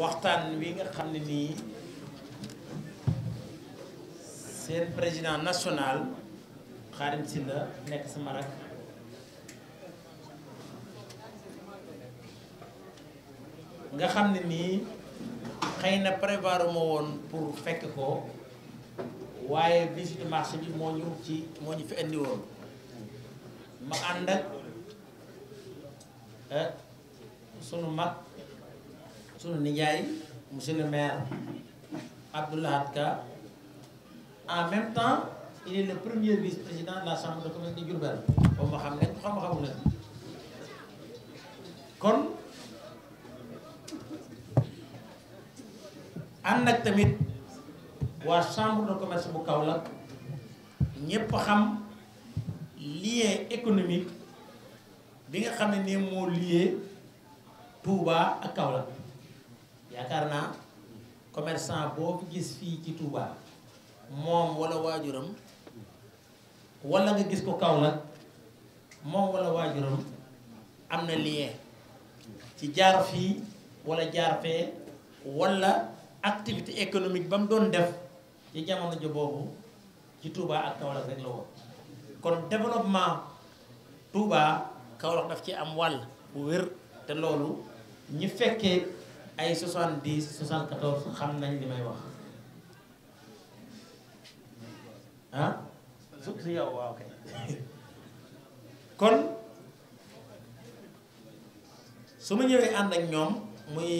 waxtaan wi nga xam ne nii seen président national Xaadim Sylla nekk sama rak nga xam ne nii xëy na prévoir ma woon pour fekk ko waaye visite marché bi moo ñu ci moo ñu fi indi ma ànd ak eh, sunu mag sunu nijaay monsieur le maire Abdoulahat Ka en même temps il est le premier vice-président de la chambre de commerce de Diourbel ma xam ne ku xam ma xamul leen kon ànd ak tamit waa chambre de commerce bu kaw Kaolack ñépp xam lien économique bi nga xam ne nii moo lié Touba ak Kaolack yaakaar naa commerçant boo gis fii ci Touba moom wala waajuram wala nga gis ko Kaolack moom walla waajuram am na lien ci jaar fii wala jaar fee wala activité économique ba mu doon def ci jamono jo boobu ci Touba ak Kaolack rek la woon kon développement Touba Kaolack daf ci am wàll bu wér te loolu ñi fekkee ay 70 74 xam nañ li may wax ah su si yow waaw kay kon su ma ñëwee ànd ak ñoom muy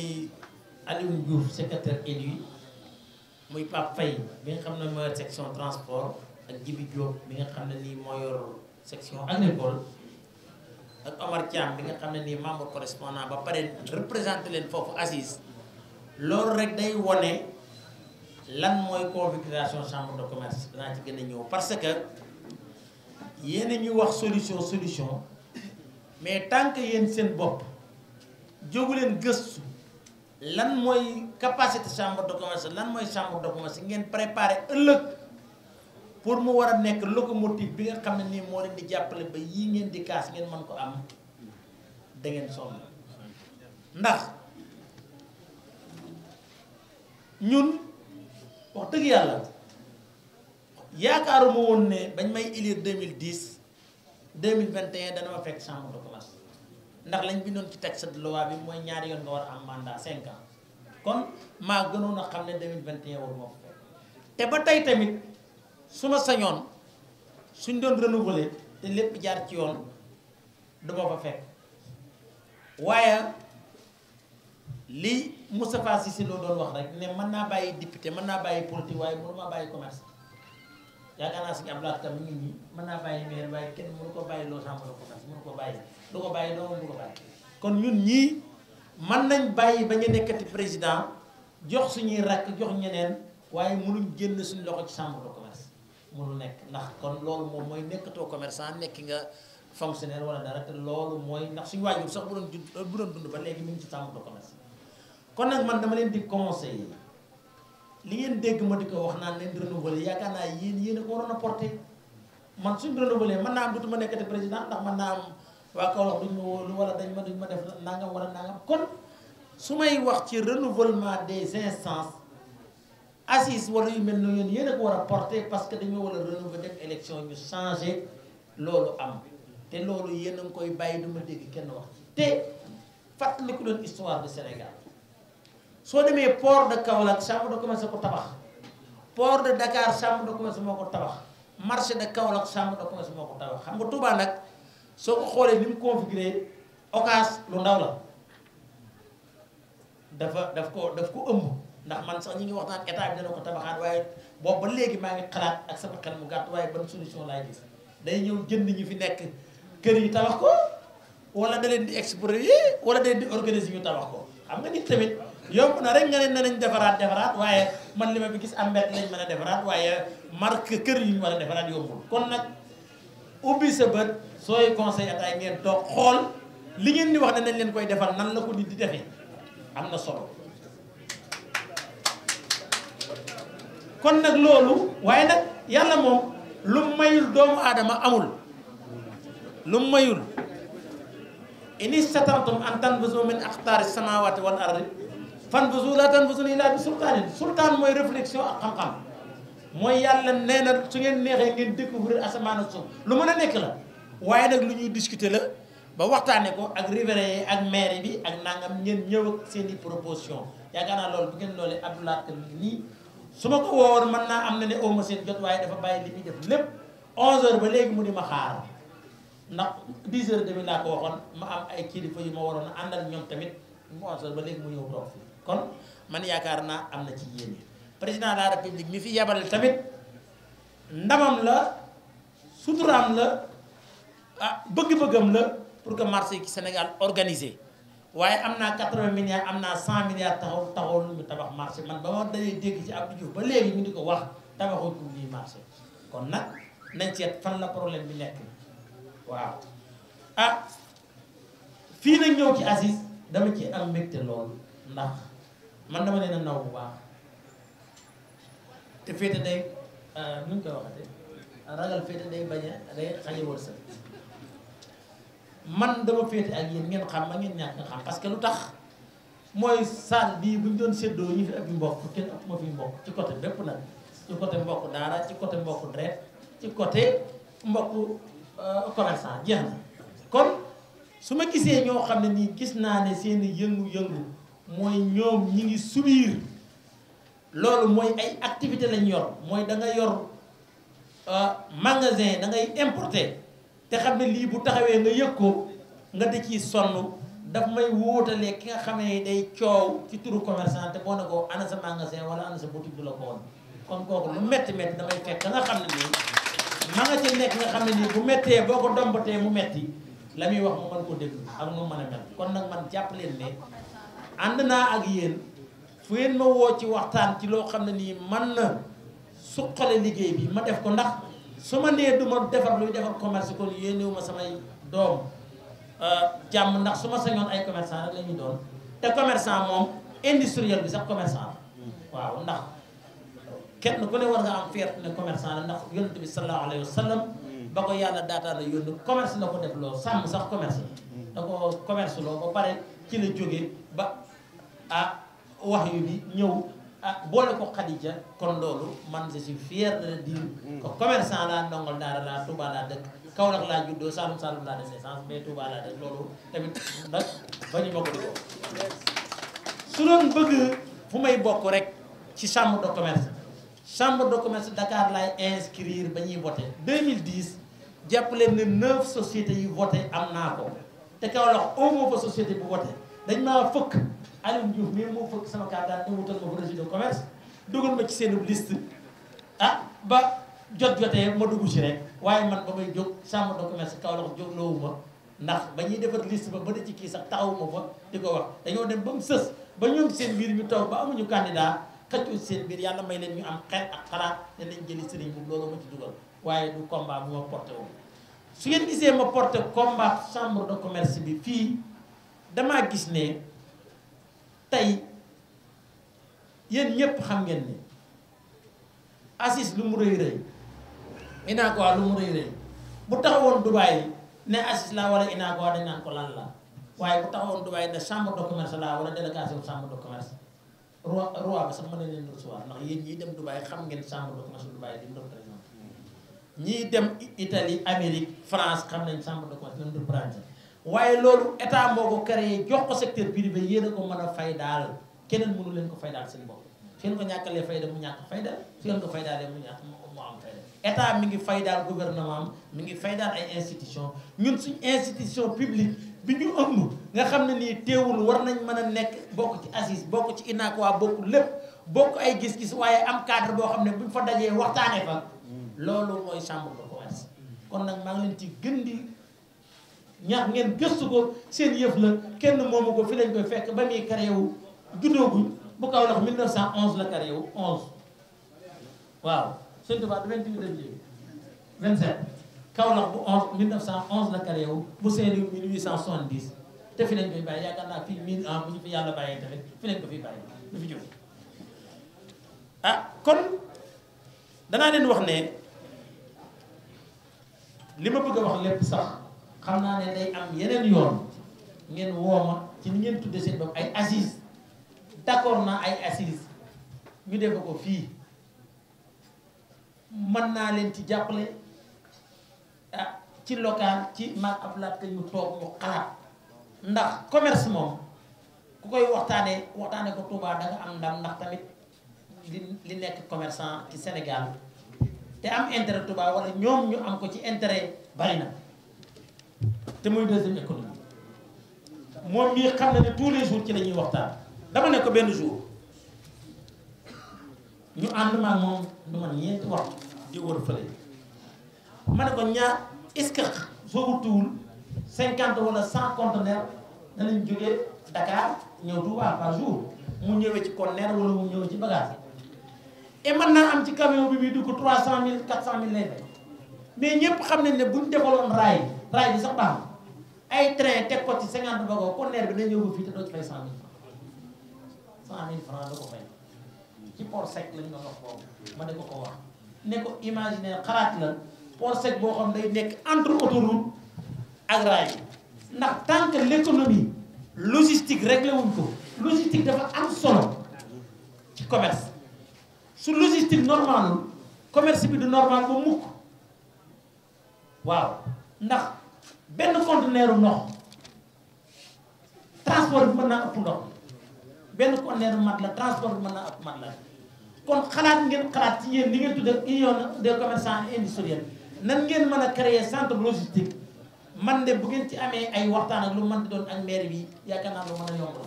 Alioune Diouf secrétaire élu muy Pape bi nga xam ne mooy section transport ak Djibi Diop bi nga xam ne lii moo section agricole ak Omar Thiam bi nga xam ne nii membre correspondant ba pare représenté leen foofu assise loolu rek day wone lan mooy configuration chambre de commerce danaa ci gën a ñëw parce que yéen a ñu wax solution solution mais tant que yéen seen bopp jógu leen gëstu lan mooy capacité chambre de commerce lan mooy chambre de commerce ngeen préparé ëllëg. pour mu war a nekk locomotive bi nga xam ne nii moo leen di jàppale ba yii ngeen di kaas ngeen man ko am da ngeen ndax ñun wax dëgg yàlla yaakaaruma woon ne bañ may mille élire 2010 2021 dana ma fekk chambre de commerce ndax lañ bindoon ci texte de loi bi mooy ñaari yoon nga war am mandat 5 ans kon maa gënoon a xam ne 2021 waruma ko fekk te ba tey tamit. su ma sañoon suñ doon renouveler te lépp jaar ci yoon du ma fa fekk waaye li si Cissé Lo doon wax rek ne mën naa bàyyi député mën naa bàyyi politique waaye mënuma bàyyi commerce yaakaar naa suñu ablaat tam nit ñi mën naa bàyyi maire waaye kenn mënu ko bàyyi loo chambre de commerce mënu ko bàyyi du ko bàyyi doo mënu ko bàyyi kon ñun ñii mën nañ bàyyi ba ñu nekkati président jox suñuy rakk jox ñeneen waaye mënuñ génn suñu loxo ci chambre nu nekk ndax kon loolu moom mooy nekkatoo commerçant nekki nga fonctionnaire wala dara te loolu mooy ndax suñ waajur sax bu doon dund bu doon dund ba léegi mu ngi ci tàmbali kon nag man dama leen di conseiller li ngeen dégg ma di ko wax naan leen renouveler yaakaar naa yéen yéen a ko waroon a porter man suñu renouveler mën naa am dutuma nekkati président ndax man naa am waa Kaolack duñ ma wóolu wala dañ ma duñ ma def nangam wala nangam kon su may wax ci renouvellement des instances. assise wala yu mel noonu yéen a ko war a porter parce que dañoo war a renouveler def élection ñu changé loolu am te loolu yéen a ngi koy bàyyi du ma dégg kenn wax te fàttaliku doon histoire du Sénégal soo demee port de Kaolack chambre de commerce ko tabax port de Dakar chambre de commerce moo ko tabax marché de Kaolack chambre de commerce moo ko tabax xam nga Touba nag soo ko xoolee ni mu configuré Ocass lu ndaw la dafa daf ko daf ko ëmb. ndax man sax ñi ngi wax naan état bi dana ko tabaxaat waaye boobu ba léegi maa ngi xalaat ak sama xel mu gàtt waaye ban solution laay gis day ñëw jënd ñu fi nekk kër yi tabax ko wala da leen di exproprier wala da leen di organiser ñu tabax ko xam nga nit tamit yomb na rek nga ne ne nañ defaraat defaraat waaye man li ma bi gis am mbett lañ mën a defaraat waaye mark kër yi ñu war a defaraat yombul kon nag ubbi sa bët sooy conseil état ngeen toog xool li ngeen di wax ne nañ leen koy defal nan la ko nit di defee am na solo kon nag loolu waaye nag yàlla moom lu mayul doomu aadama amul lu mayul in istatantum an tanfuzu min aqtaari samawati wal ardi fanfuzu la tanfuzu illa bi sultaanin sultaan mooy réflexion ak xam-xam mooy yàlla nee na su ngeen neexee ngeen découvrir asamaan ak suuf lu mën a nekk la waaye nag lu ñuy discuter la ba waxtaane ko ak riverains yi ak maire bi ak nangam ngeen ñëw ak seen i proposition yaakaar naa loolu bu ngeen loolee Abdoulaye nii su ma ko woowoon mën naa am na ne aw ma seen jot waaye dafa bàyyi li muy def lépp 11h ba léegi mu di ma xaar ndax 10h demi laa ko waxoon ma am ay kilifa yu ma waroon na àndal ñoom tamit mu 11h ba léegi mu ñëw toog fii kon man yaakaar naa am na ci yéen président de la république mi fi yebal tamit ndamam la suturaam la ah bëgg-bëggam la pour que marché Sénégal organisé. waaye am naa quatre-vingts milliards am naa cent milliards taxaw taxawul ñu tabax marché man ba ma dalee dégg ci Abdou Diouf ba léegi ñu di ko wax tabaxul pour ñuy marché kon nag nañ seet fan la problème bi nekk waaw ah fii nag ñëw ci Aziz dama ci am mbégte loolu ndax man dama leen a naw bu baax te féete day euh, nu koy waxate ragal féete day bañ a day xañe wërsëg man dama féete ak yéen ngeen xam ma ngeen ñàkk nga xam parce que lu tax mooy salle bi bu ñu doon séddoo ñu fi ëpp mbokk kenn ëpp ma fi mbokk ci côté bépp nag ci côté mbokk daara ci côté mbokk dret ci côté mbokk euh, commerçant jeex na kon su ma gisee ñoo xam ne nii gis naa ne seen yëngu-yëngu mooy ñoom ñi ngi subir loolu mooy ay activité lañ yor mooy danga yor euh, magasin da ngay importer te xam ne lii bu taxawee nga yëg ko nga di ciy sonn daf may wóotalee ki nga xam ne day coow ci turu commerçant te boo ne ko ana sa magasin wala ana sa boutique du la ko kon kooku lu métti métti damay fekk da xam ne nii ma nga ci nekk nga xam ne nii bu méttee boo ko dombatee mu métti la muy wax mu mën ko déglu ak mu mën a mel kon nag man jàpp leen ne ànd naa ak yéen fu yéen ma woo ci waxtaan ci loo xam ne nii man na suqale liggéey bi ma def ko ndax su ma nee du ma defar luy defar commerce kon yéenewu ma samay doom euh, jàmm ndax su ma sañoon ay commerçant rek la ñuy doon te commerçant moom industriel bi sax commerçant waaw ndax kenn ku ne war nga am fierté ne commerçant la ndax yonent bi sallallahu alayhi wa sallam ba ko yàlla daataa la yónni commerce la ko def loo sàmm sax commerce la da ko commerce loo ba pare ci la jógee ba ah, wax yu bi ñëw ah boole ko Khadija kon loolu man je suis fier de le dire que commerçant laa ndongol daara laa Touba laa dëkk Kaolack laa juddoo Saloum Saloum laa de naissance mais Touba laa dëkk loolu tamit nag ba ma ko di ko su doon bëgg fu may bokk rek ci chambre de commerce chambre de commerce Dakar laay inscrire ba ñuy voté 2010 jàpp leen ne neuf sociétés yu voté am naa ko te Kaolack amoo a société bu voté dañ maa fëkk Alioune Diouf mii moo fëkk sama carte daal wutal ma fa registre commerce dugal ma ci seen liste ah ba jot jotee ma dugg ci rek waaye man ba may jóg chambre de commerce kaw la ko jóg loowu ma ndax ba ñuy defar liste ba ba da ci kii sax taxawuma fa di ko wax dañoo dem ba mu sës ba ñoom seen biir ñu taw ba amuñu candidat xëccoo seen biir yàlla may leen ñu am xel ak xalaat ne nañ jëli sëriñ bu loolu ma ci dugal waaye du combat bu ma porté woon su ngeen gisee ma porté combat chambre de commerce bi fii damaa gis ne tey yéen ñépp xam ngeen ni Aziz lu mu rëy rëy Unacois lu mu rëy rëy bu taxawoon Dubaay ne Aziz laa wala Unacois dañ naan ko lan la waaye bu taxawoon Dubaay ne chambre de commerce laa wala délégation chambre de commerce roi roi ba sax mën na leen recevoir ndax yéen ñiy dem Dubaay xam ngeen chambre de commerce Dubaay li mu représenté ñiy dem Italie Amérique France xam nañ chambre de commerce li mu waaye loolu état moo ko créé jox ko secteur privé yéen a ko mën a fay daal keneen mënu leen ko fay daal seen bopp su ngeen ko ñàkkalee fayda mu ñàkk fay su ngeen ko faydaalee mu ñàkk mu am fayda état mi ngi fay daal gouvernement am mi ngi fay daal ay institution ñun suñ institution publique bi ñu ëmb nga xam ne nii teewul war nañ mën a nekk bokk ci assis bokk ci inaakuwaa bokk lépp bokk ay gis-gis waaye am cadre boo xam ne buñ fa dajee waxtaanee fa mm. loolu mooy chambre de commerce kon nag ñaax ngeen gëstu ko seen yëf la kenn moomu ko fi lañ koy fekk ba muy créé wu juddooguñ bu kaw lax 1911 la créé wu 11 waaw sëñ Tuubaa du 28 lañ jéegi 27 kaw lax bu 11 1911 la créé wu bu Saint-Louis 1870 te fi lañ koy bàyyi yaakaar naa fii 1000 ans bu ñu fi yàlla bàyyee tamit fi lañ ko fi bàyyi du fi jóg ah kon danaa leen wax ne li ma bëgg a wax lépp sax xam naa ne day am yeneen yoon ngeen wooma ci ni ngeen tudde seen bopp ay assise d'accord naa ay assise ñu def ko fii mën naa leen ci jàppale ah ci local ci mag ab laat yu toog mu xalaat ndax commerce moom ku koy waxtaanee waxtaanee ko Touba da nga am ndax tamit li li nekk commerçant ci Sénégal te am intérêt tubaa walla ñoom ñu am ko ci intérêt bari na te mooy deuxième économie moom mii xam na ne tous les jours ci la ñuy waxtaan dama ne ko benn jour ñu ànd maag moom du man ñeenti wax di wër fële ma ne ko ñaar est-ce que soo wuttuwul cinquante wala cent conteneur danañ jógee Dakar ñëw Touba par jour mu ñëwee ci conteneur wala mu ñëwee ci bagage e man naa am ci camion bi muy dugg trois cent mille quatre cent mille lay mais ñëpp xam nañ ne buñ defaloon raay raay bi sax baax na ay train teg ko ci cinquante bago conteneur bi dañu yóbbu fii te doo ci fay cent mille franc cent mille franc da ko fay ci port sec lañ doon wax boobu ma ne ko ko wax ne ko imaginaire xalaat la port sec boo xam ne nekk entre autoroute ak raay ndax tant que logistique réglé wuñ ko logistique dafa am solo commerce su logistique normalul commerce bi du normal ba mukk waaw ndax benn conteneur ndox transport bi mën naa ëpp ndox benn conteneur mat la transport bi mën naa ëpp mat la kon xalaat ngeen xalaat ci yéen li ngeen tuddee union des commerçants et industriels nan ngeen mën a créer centre logistique man de bu ngeen ci amee ay waxtaan ak lu mën di doon ak maire bi yaakaar naa lu mën a yomb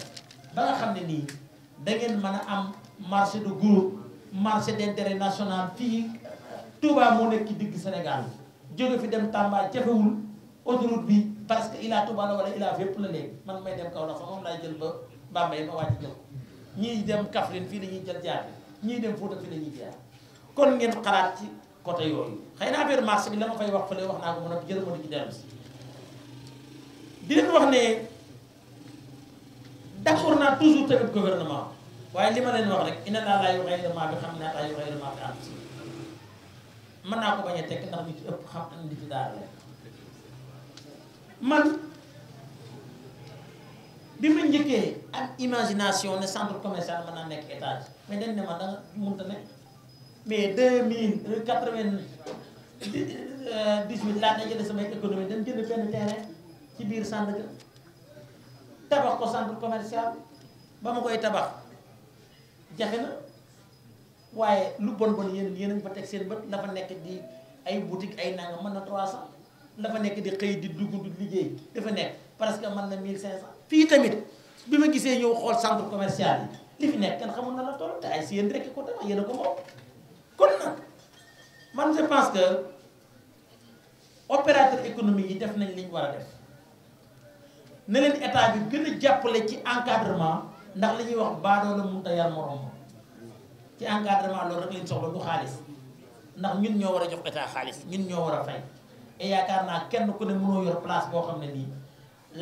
ba nga xam ne nii da ngeen mën a am marché de groupe marché d'intérêt national fii Touba moo nekk ci digg Sénégal jóge fi dem Tamba jafewul autoroute bi parce que ilaa Touba la wala ilaa fépp la léegi man may dem kaw la fa moom laay jël ba Bambey ma wàcc jël ñii dem Kaffrine fii la ñuy jël jaar bi ñii dem Fouta fii lañuy jaar kon ngeen xalaat ci côté yooyu xëy na affaire marché bi la ma fay wax fële wax naa ko mën a jël ma ci dellu si di leen wax ne d'accord naa toujours li ma leen wax rek mën naa ko bañ tekk ndax ñu daal la man bi ma njëkkee ak imagination ne centre commercial mën naa nekk étage mais dañ ne ma da nga mënta ne mais deux mille quatre-vingt-dix-huit laata jëlee samay économie dañ jënd benn terrain ci biir Sandaga tabax ko centre commercial ba ma koy tabax jafe na waaye lu bon bon yéen yéen a ngi fa teg seen bët la fa nekk di ay boutique ay nangam mën na trois cent la fa nekk di xëy di dugg di liggéey dafa nekk que man na 1500. fii tamit bi ma gisee ñëw xool centre commercial yi li fi nekk kenn xamul na la toll te ay si yéen rek ko tax yéen a ko moom kon nag man je pense que opérateur économique yi def nañ li war a def ne leen état bi gën a jàppale ci encadrement ndax li ñuy wax baadoola mënut a yar moroom ci encadrement loolu rek lañ soxla du xaalis ndax ñun ñoo war a jox état xaalis ñun ñoo war a fay. te yaakaar naa kenn ku ne mënoo yor place boo xam ne nii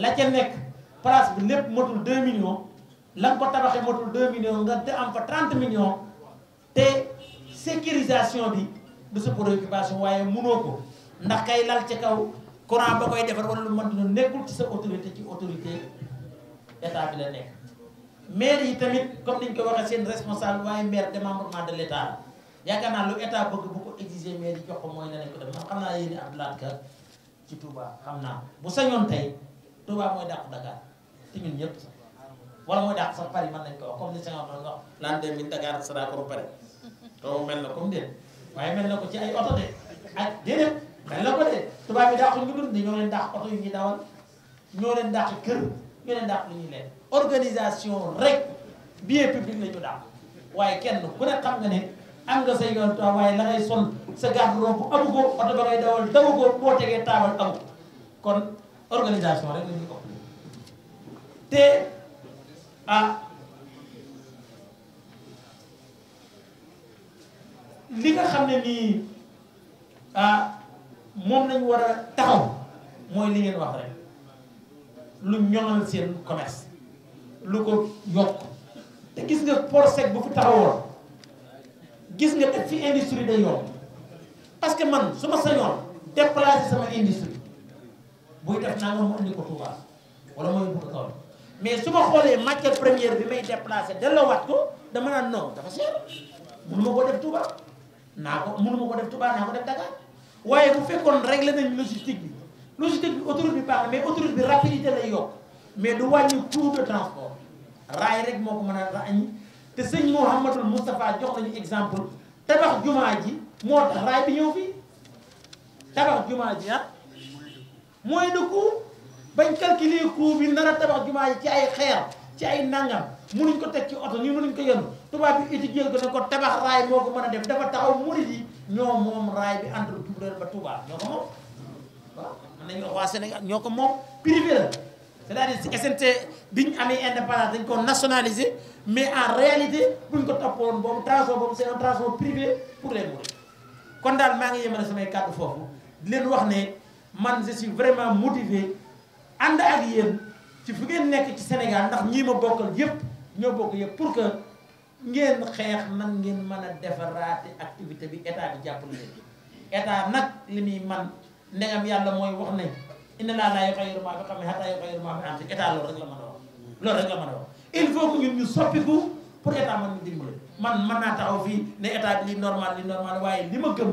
la ca nekk place bi lépp matul 2 millions lan nga ko tabaxee matul 2 millions nga te am fa 30 millions te sécurisation bi du sa préoccupation waaye mënoo ko ndax kay lal ci kaw courant ba koy defar wala lu mën dina nekkul ci sa autorité ci autorité état bi la nekk. maire yi tamit comme niñ ko waxee seen responsable waaye maire démembrement de l' état yaakaar naa lu état bëgg. cotiser mais di jox ko mooy naneñ ko def man xam naa yéeni Abdoulaye Ka ci Touba xam naa bu sañoon tey Touba mooy dàq Dakar te ñun ñëpp sax wala mooy dàq sax Paris mën nañ ko wax comme ni sañoon doon nga wax l'an 2000 Dakar sera comme Paris to mel na comme déen waaye mel na ko ci ay oto de ak déedéet mel na ko de Touba bi dàqu ñu dund ñoo leen dàq oto yu ñuy dawal ñoo leen dàq kër ñoo leen dàq lu waaye kenn ku ne xam nga ne am nga say yoon taw waaye la ngay sol sa garde-robe amu ko oto ba ngay dawal dawu ko boo tegee taabal amu kon organisation rek la ñu ko te ah, li nga xam ne nii ah moom lañ war a taxaw mooy li ngeen wax rek lu ñoŋal seen commerce lu ko yokk te gis nga port sec bu fi gis nga teg ci industrie day yomb parce que man su ma sañoon déplacer sama industrie buy def naa nga ni indi ko Touba wala mooy bu ko kaw mais su ma xoolee matière première bi may déplacer delloowaat ko dama naan non dafa cher mënu ma ko def Touba naa ko mënu ma ko def Touba naa ko def Dakar waaye bu fekkoon réglé nañ logistique bi logistique bi autoroute bi baax na mais autoroute bi rapidité lay yokk mais du wàññi coût de transport raay rek moo ko mën a te sëñ Mouhamadul Moustapha jox nañu example tabax jumaa ji moo tax raay bi ñëw fii tabax jumaa ji nag ah. mooy de coût bañ calculer coût bi nar a tabax jumaa ji ci ay xeer ci ay nangam mënuñ ko teg ci oto ñu mënuñ ko yenu tubaab bi étudier ko ne tabax raay moo ko mën a def dafa taxaw murid yi ñoo moom raay bi entre Diourbel ba ñoo ko moom waaw mën nañu wax waa ñoo ko moom privé c'est-à-dire si SNT bi ñu amee indépendance dañ ko nationaliser mais en réalité buñ ko toppoon boobu transport boobu c'est un transport privé pour les mourides kon daal maa ngi yemale samay kàddu foofu di leen wax ne man je suis vraiment motivé ànd ak yéen ci fu ngeen nekk ci Sénégal ndax ñii ma bokkal yépp ñoo bokk yépp pour que ngeen xeex nan ngeen mën a defaraate activité bi état bi jàppale leen état nag li muy man ndegam yàlla mooy wax nañ inna laa laa yughayyiru maa bi qawmin hattaa yughayyiru maa bi anfusihim état loolu rek la mën a wax loolu rek la mën a wax il faut que ñun ñu soppiku pour état mën ñu dimbali man mën naa taxaw fii ne état bi li normal li normal waaye li ma gëm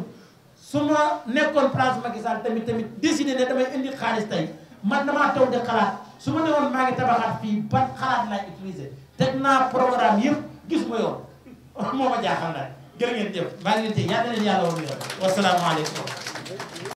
su ma nekkoon place Macky Sall tamit tamit décidé ne damay indi xaalis tey man damaa taw de xalaat su ma newoon maa ngi tabaxaat fii ban xalaat laay te teg naa programme yëpp gis ma moo ma jaaxal daal jërë ngeen jëf maa ngi leen di yàlla na